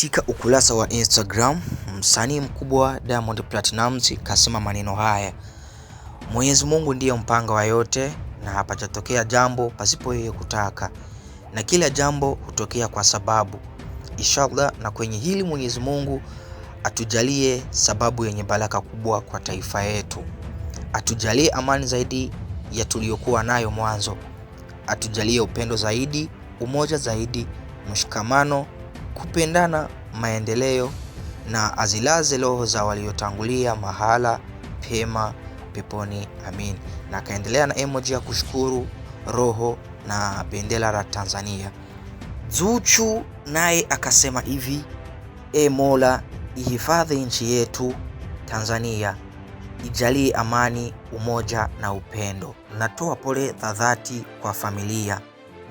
Katika ukurasa wa Instagram, msanii mkubwa Diamond Platnumz kasema maneno haya: Mwenyezi Mungu ndiye mpanga wa yote na hapajatokea jambo pasipo yeye kutaka, na kila jambo hutokea kwa sababu. Inshallah, na kwenye hili Mwenyezi Mungu atujalie sababu yenye baraka kubwa kwa taifa yetu, atujalie amani zaidi ya tuliyokuwa nayo mwanzo, atujalie upendo zaidi, umoja zaidi, mshikamano kupendana, maendeleo na azilaze roho za waliotangulia mahala pema peponi, amin. Na akaendelea na emoji ya kushukuru roho na bendera la Tanzania. Zuchu naye akasema hivi: E Mola, ihifadhi nchi yetu Tanzania, ijalie amani, umoja na upendo. Natoa pole za dhati kwa familia,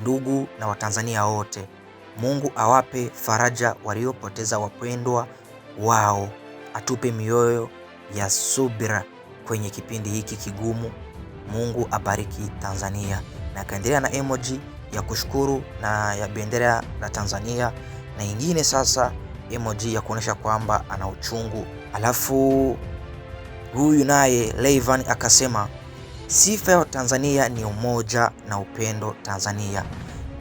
ndugu na Watanzania wote. Mungu awape faraja waliopoteza wapendwa wao, atupe mioyo ya subira kwenye kipindi hiki kigumu. Mungu abariki Tanzania, na akaendelea na emoji ya kushukuru na ya bendera la Tanzania, na ingine sasa emoji ya kuonyesha kwamba ana uchungu. Alafu huyu naye Levan akasema sifa ya Tanzania ni umoja na upendo Tanzania.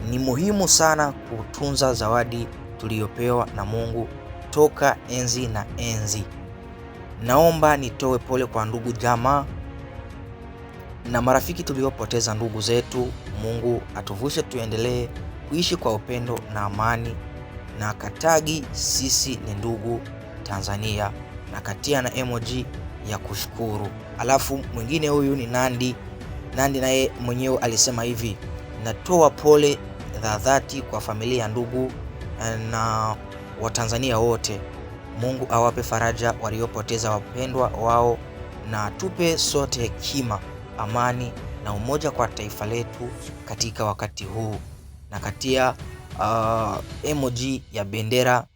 Ni muhimu sana kutunza zawadi tuliyopewa na Mungu toka enzi na enzi. Naomba nitoe pole kwa ndugu, jamaa na marafiki tuliopoteza ndugu zetu. Mungu atuvushe tuendelee kuishi kwa upendo na amani. Na katagi sisi ni ndugu Tanzania, na katia na emoji ya kushukuru. Alafu mwingine huyu ni Nandi. Nandi naye mwenyewe alisema hivi, natoa pole za dhati kwa familia, ndugu eh, na Watanzania wote. Mungu awape faraja waliopoteza wapendwa wao, na tupe sote hekima, amani na umoja kwa taifa letu katika wakati huu na katia uh, emoji ya bendera